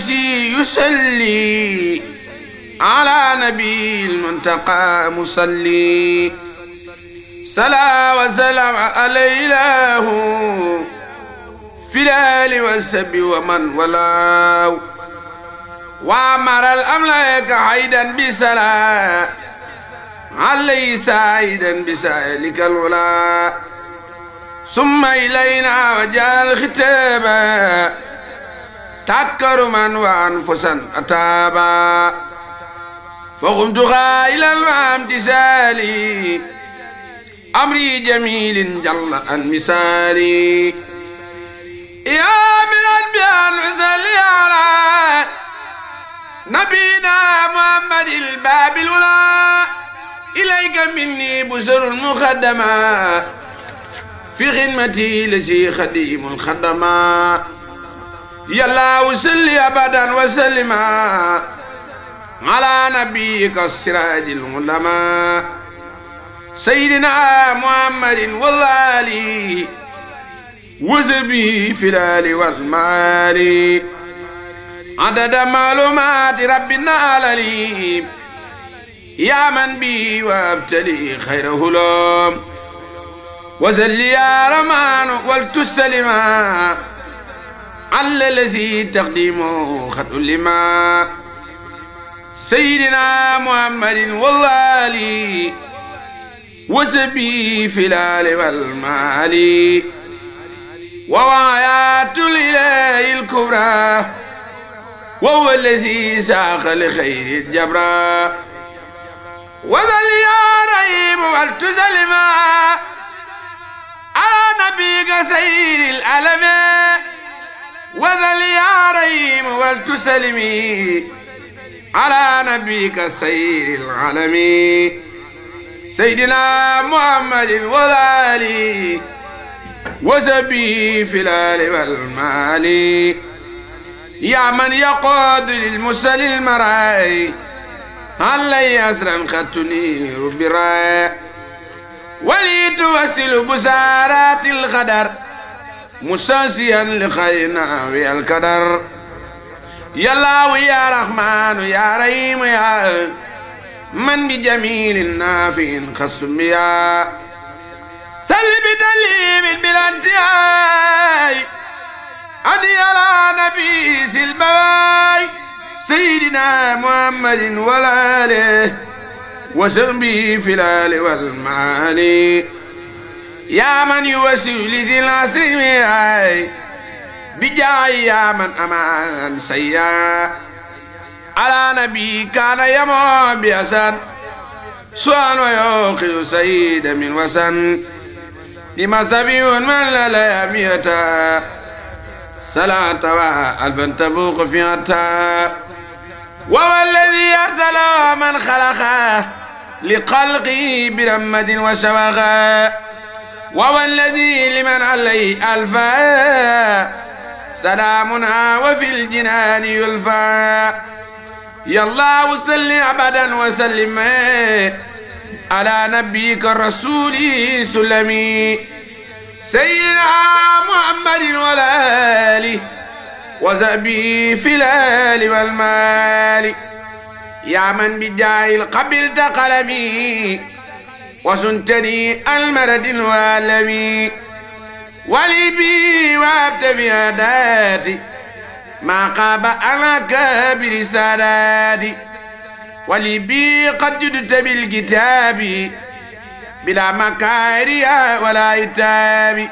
الذي يسلي على نبي المنتقى مصلي صلى وسلم عليه الله في الآل والسب ومن ولاه وأمر الأملاك عيدا بسلا علي سعيدا بسالك الولا ثم إلينا وجاء الختاب من وأنفسا أتابا فقمت إلى تسالي أمري جميل جل ان مثالي يا من الأنبياء نصلي على نبينا محمد الباب الأولى إليك مني بزر المخدمه في خدمتي لشيخ خديم الخدمات يا الله أبدا وسلم على نبيك السراج العلماء سيدنا محمد والله وزبي في الآل والمال عدد معلومات ربنا العليم يا من بي وابتلي خيره لهم وزل يا رمان والتسلما على الذي تقدمه خط لما سيدنا محمد والله وسبي في الآل والمال وآيات الإله الكبرى وهو الذي ساق لخير الجبرى وذل يا ريم والتزلما على نبيك سيد الألمين وذل يا ريم ولتسلمي على نبيك سيد العالم سيدنا محمد وذالي وزبي في الآل والمال يا من يقود للمسل المرأي علي أسرا خدتني ربي راي ولي توسل بزارات الخدر مساسيا لخينا والقدر يا الله يا رحمن يا رحيم يا من بجميل نافع خصم يا سلم بدليل بلا انتهاء أدي على نبي سلباي سيدنا محمد والآله آله في الآل والمعالي يا من يوسف لذي العسر مياي بجاي يا من أمان سيا على نبي كان يمو بيسان سؤال ويوقي سيد من وسن لما سبي من لا لا يميتا صلاة ألفا تفوق عطا وهو الذي أرسل من خلقه لقلقي برمد وشوغه وهو الذي لمن عليه ألفا سلامنا وفي الجنان يلفى يا الله وسل أبدا وسلم على نبيك الرسول سلمي سيدنا محمد والآل وزبي في الآل والمال يا من بجاه القبل تقلمي وسنتني المرد والمي ولي بي وابتبي هداتي ما قاب على كابر سادادي ولي بي قد جدت بالكتاب بلا مكاريا ولا إتاب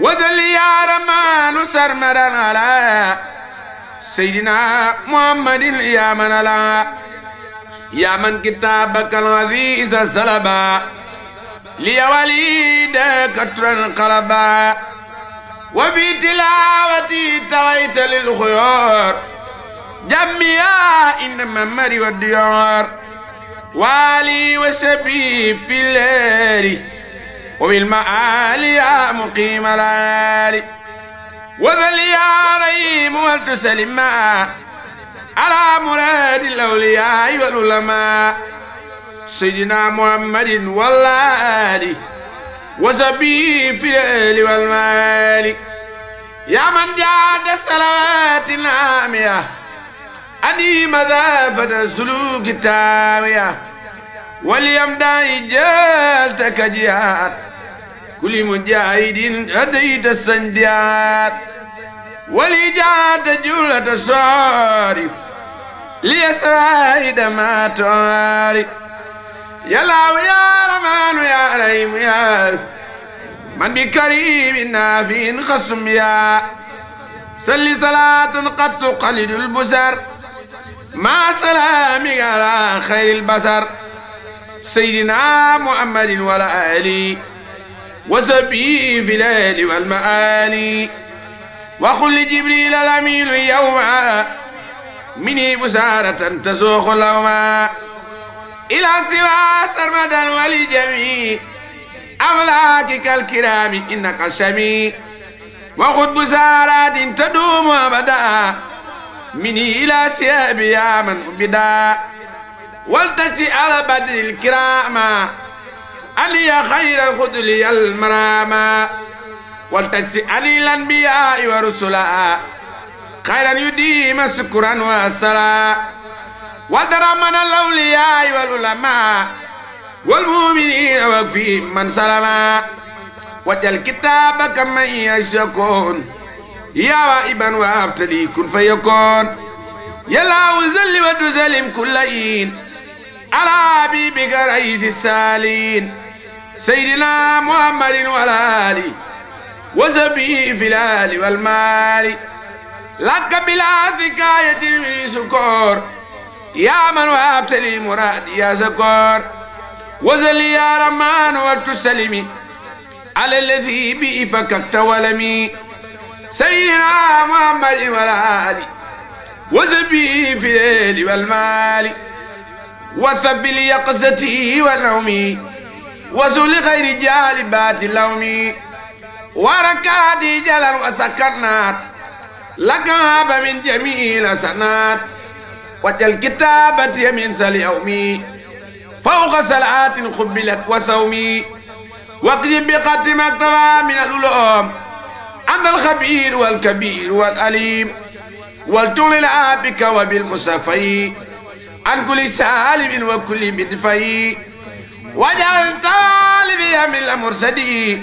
وذل يا رمان سرمدا على سيدنا محمد يا من الله يا من كتابك العزيز سلبا لي وليدك قلبا وفي تلاوتي تويت للخيار جميع إن ممري والديار والي وسبي في الليل وبالمعالي مقيم العالي وذل يا ريم والتسلم على مراد الأولياء والعلماء سيدنا محمد والآل وزبي في الأهل والمال يا من جاد الصلوات العامية أني مذافة سلوك التامية داي جالتك جهات كل مجاهد أديت السنديات ولجعت جملة صاري ليسعيد ما تاري يا الله يا رمان يا ريم يا من بكريم نافين خصم يا صلي صلاة قد تقلد البزر مع سلامك على خير البصر سيدنا محمد ولا آلي وسبي في الليل والمآلي وقل لجبريل الأمين يوما مني بسارة تسوق لهما إلى سوى سرمدا ولجميع أملاكك الكرام إنك الشميع وخذ بسارة تدوم أبدا مني إلى سياب يا من أبدا والتسي على بدر الكرامة ألي خير الخذ لي المرامة والتجسي علي الأنبياء ورسلا خيرا يديم سكرا وسلا ودرى من الأولياء والعلماء والمؤمنين وفي من سلما وجل الكتاب كما يشكون يا وائبا وابتلي كن فيكون يا لا وزل وتزلم كلين على حبيبك رئيس السالين سيدنا محمد وعلى آله وزبي في الأهل والمال لك بلا ذكاية من سكور يا من وابتلي مراد مرادي يا سكور وزلي يا رمان وتسلمي على الذي بي فككت ولمي سيدنا محمد والآل وزبي في الليل والمال وثب ليقزتي ونومي وزل غير جالبات لومي وركادي جلال وسكنات لك هاب من جميع الحسنات وجل كتابتي من سليومي فوق سلعات خبلت وسومي وقلب بقد ما من الألوم أما الخبير والكبير والأليم والتولي بك وبالمسافي عن كل سالب وكل مدفي وجعل طالبي من المرسدين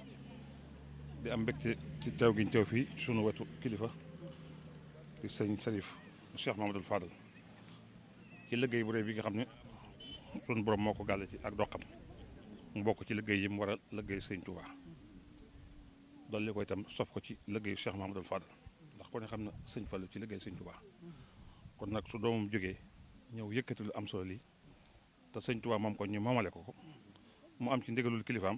di am mbégte ci teew gi ñu teew fii sunu wetu kilifa sëñ Sarif Cheikh Mamadou Fadal ci liggéey bu rëy bi nga xam ne sunu borom moo ko gàlle ci ak doxam mu bokk ci liggéey yi mu war a liggéey sëñ Touba dolli ko itam ko ci liggéeyu Cheikh Mamadou Fadal ndax xam na sëñ Fallou ci liggéey sëñ Touba kon nag su doomu jógee ñëw yëkkati lu am solo lii te sëñ Touba moom ko ñu moomale ko ko mu am ci ndigalul kilifaam.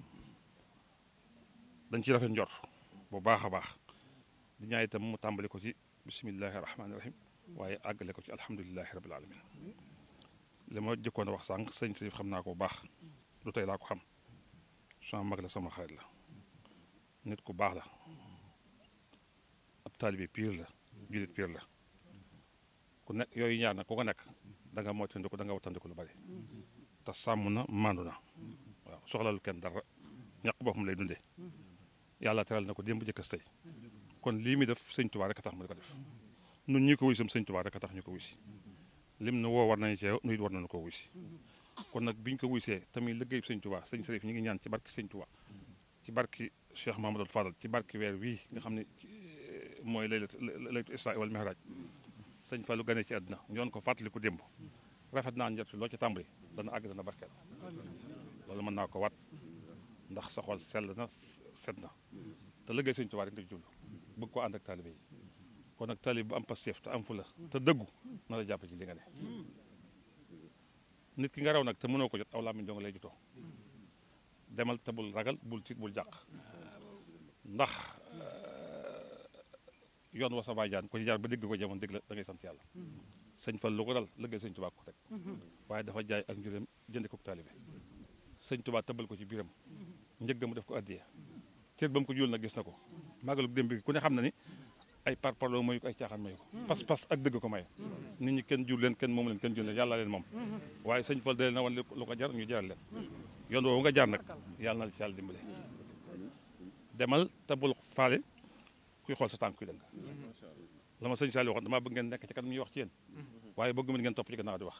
dañ ci rafet njor bu baax a baax di ñaan itam mu tàmbali ko ci bisimillahi rahmaani rahim waaye àggale ko ci alhamdulilahi rabil alamin li ma jëkkoon a wax sànq sëñ Sëriif xam naa ko bu baax du tey laa ko xam sama mag la sama xarit la nit ku baax la ab taalibe pire la julit pire la ku nekk yooyu ñaar na ku ko nekk da nga moytandiku da nga wattandiku lu bari te sàmm na maandu na waaw soxlalu kenn dara ñàq boppam lay dundee yàlla teral na ko demb jëkkës tey kon lii mi def sëñ tubaa rek tax mu di ko def nun ñii ko wuy sam sëñ tubaa rek a tax ñu ko wuy si mu nu woo war nañu cee nuyit war nañu ko wuy si kon nag biñ ko wuy see tamit liggéey sëñ tubaa sëñ Sërif ñu ngi ñaan ci barki sëñ tubaa ci barki Cheikh Mahamadou Fadal ci barki weer wii nga xam ne eh, mooy laylat laytu israa wal mihraj sëñ Fallou gane ci àdduna ñoon ko fàttali ko démb rafet naa njot loo ci tàmbali dana àgg dana barkeel loolu ndax sa xol sell na set na te liggéey sëñ Tuubaa rek nga jublu bëgg ko ànd ak taalibe yi kon nag taalibe bu am pastéef te am fula te dëggu na la jàpp ci li nga ne nit ki nga raw nag te mënoo ko jot aw làmmiñ dong lay jutoo demal te ragal bul tiit bul jàq ndax eh, yoon wa sa jaan ko jaar ba dégg ko jamono dégg la da ngay sant yàlla sëñ Fall lu ko dal liggéey sëñ Tuubaa ko teg mm-hmm. waaye dafa jaay ak njuréem jënd ko taalibe sëñ Tuubaa tëbbal ko ci biiram njëgg mu def ko addiya cër ba mu ko jul nag gis na ko màggalu démb bi ku ne xam na ni ay par parloo mayu ko ay caaxaan mayu ko mm. pas-pas ak dëgg ko may mm. ni ñu kenn jur leen kenn moom leen kenn jur leen yàlla leen moom mm-hmm. waaye sëñ Fall dalee na wan lu ko jar ñu jaral leen mm-hmm. yoon woowu nga jaar nag yàlla na la ci yàlla demal te bul xool tànk kuy mm-hmm. la ma sëñ Sall waxoon damaa ngeen nekk ci ñuy wax ci yéen waaye bëgg mën ngeen topp ci gannaaw di wax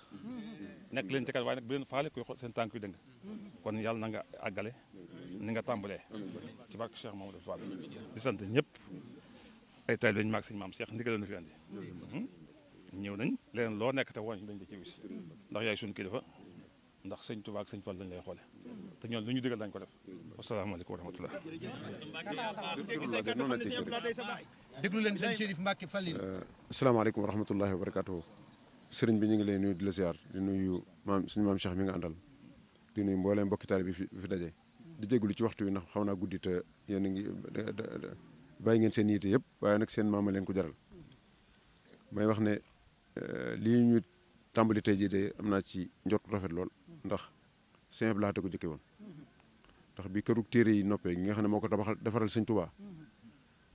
nekk leen ci kanam waaye nag leen faale kuy xool seen tànk kuy dëng kon yàlla na nga àggale ni nga tàmbalee ci barke Cheikh Mamadou Fall di sant ñëpp ay taal lañu maag sëñ maam Cheikh ndigal na fi hmm? ñëw nañ leneen loo nekk te woñ dañ da ci wis ndax yaay suñu kilifa ndax sëñ Tuubaa ak sëñ Fall lañ xoole te ñoom lu ñu digal dañ ko def wasalaamaaleykum wa rahmatullah déglu leen sëñ Chérif Mbacke Falil euh, asalaamaaleykum wa rahmatullahi wa barakatuhu sëriñ bi ñu ngi lay nuyu di la ziar di nuyu maam suñu maam Cheikh mi nga àndal di nuyu mbooleem mbokki taalibe bi fi daje di jégalu ci waxtu wi ndax xam naa guddi te yéen a ngi bàyyi ngeen seen yiit yëpp waaye nag seen maama leen ko jaral may wax ne euh, lii ñu tàmbali jii de am naa ci njort rafet lool ndax Sëñ Blaate ko jëkke woon ndax bi kërug téere yi noppee gi nga xam ne moo ko tabaxal defaral Sëñ Tuubaa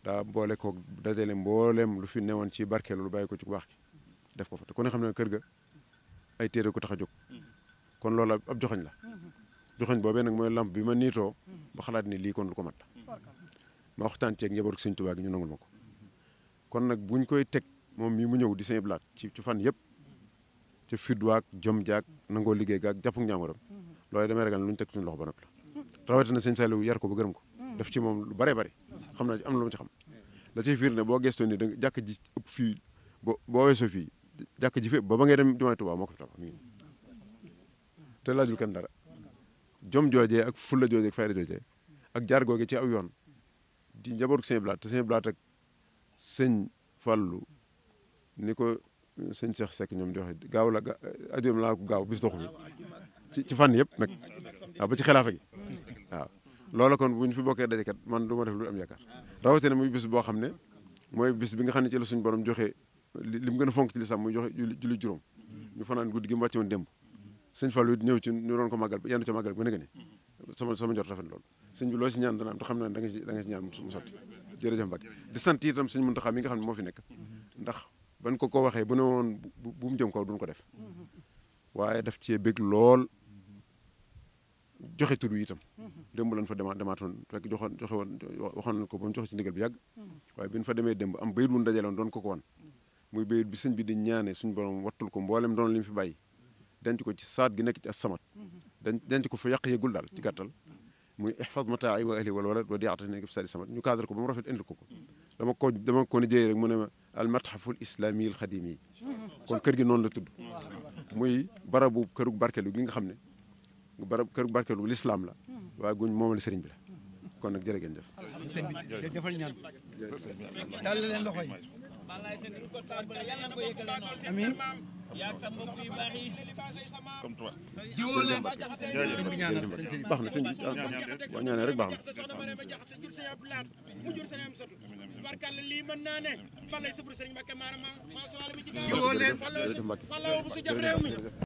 daa boole ko dajale mbooleem lu fi newoon ci barkeelu lu bàyyi ko ci baax ki def ko fa te kon ne xam ne kër ga ay téere ko tax a jóg kon loolu ab joxañ la joxoñ boobee nag mooy lamp bi ma nitoo hmm. ba xalaat ni lii kon lu ko mat hmm. ma waxtaan ceeg njaboot Sëñ Tuubaa gi ñu nangul ko kon nag buñ koy teg moom mii mu ñëw di Sëñ Blaat ci ci fan yëpp ci fidwaak jom jaak hmm. nangoo liggéey gaak jàppug ñaamoram loolu damay ragal lu ñu teg suñu loxo ba noppi la rawatina Sëñ Saliou yar ko ba gërëm ko def ci moom lu bare bari xam naa am na ci xam la cay fiir ne boo gestoo ni da jàkk ji ëpp fii boo fii jàkk ji fépp ba ba ngay dem jumaay Tuubaa moo ko fi te laajul kenn dara jom jooje ak fulla joojee ak fayda joojee ak jaar googe ci aw yoon di njabootu Sëñ Blaat te Sëñ Blaat ak sëñ Fallou ni ko sëñ Cheikh Seck ñoom di waxe gaaw la ajoom laa ko gaaw bis doxu ci ci fànn yëpp nag waaw ba ci xilaafa gi waaw kon bu ñu fi bokkee dajekat man du ma def lu am yaakaar rawatina muy bis boo xam ne mooy bis bi nga xam ne ci la suñu borom joxe li mu gën a fonk ci lisam muy joxe julli juróom ñu fanaan guddi gi mu wàcce woon démb sëñ Fallou it ñëw ci ñu doon ko màggal yenn ca màggal ba nga ni sama sama njort rafet lool sëñ bi loo ci ñaan dana am te xam naa da nga ci da nga mu sotti di sant itam sëñ Muntaxa mi nga xam ne moo fi ndax ban ko ko waxee bu ne woon bu mu jëm kaw duñ ko def waaye daf cee bëgg lool joxe tur wi itam démb lañ fa dema demaatoon fekk joxoon joxe woon waxoon nañ ko ba mu joxe ci ndigal bi yàgg waaye bi ñu fa demee démb am bayit wun dajaloon doon ko ko woon muy bayit bi sëñ bi di ñaane suñu borom wattul ko mboolem doon li mu fi bàyyi دنت كو سات غي نيك تي السمات دنت كو في يقي يقول دال تي غاتال موي احفظ متاعي واهلي والولد ودي اعطيني نيك سادي سمات ني كادر كو بام رافيت اندل كوكو داما كو داما كو نجي رك مونيما المتحف الاسلامي القديم كون كيرغي نون لا تود موي بارابو كيروك باركلو غيغا خامني barab kër barkelu l'islam la mhm. waaye guñ moomale sëriñ bi la kon nag jërë ngeen jëf dafal ñaan tàll leen loxo yi amiin. comme toi. baax na sëñ bi boo ñaanee rek baax na. barkalla lii mën naa ne balay sëbru sëriñ Mbacke maa soo alami ci gaaw.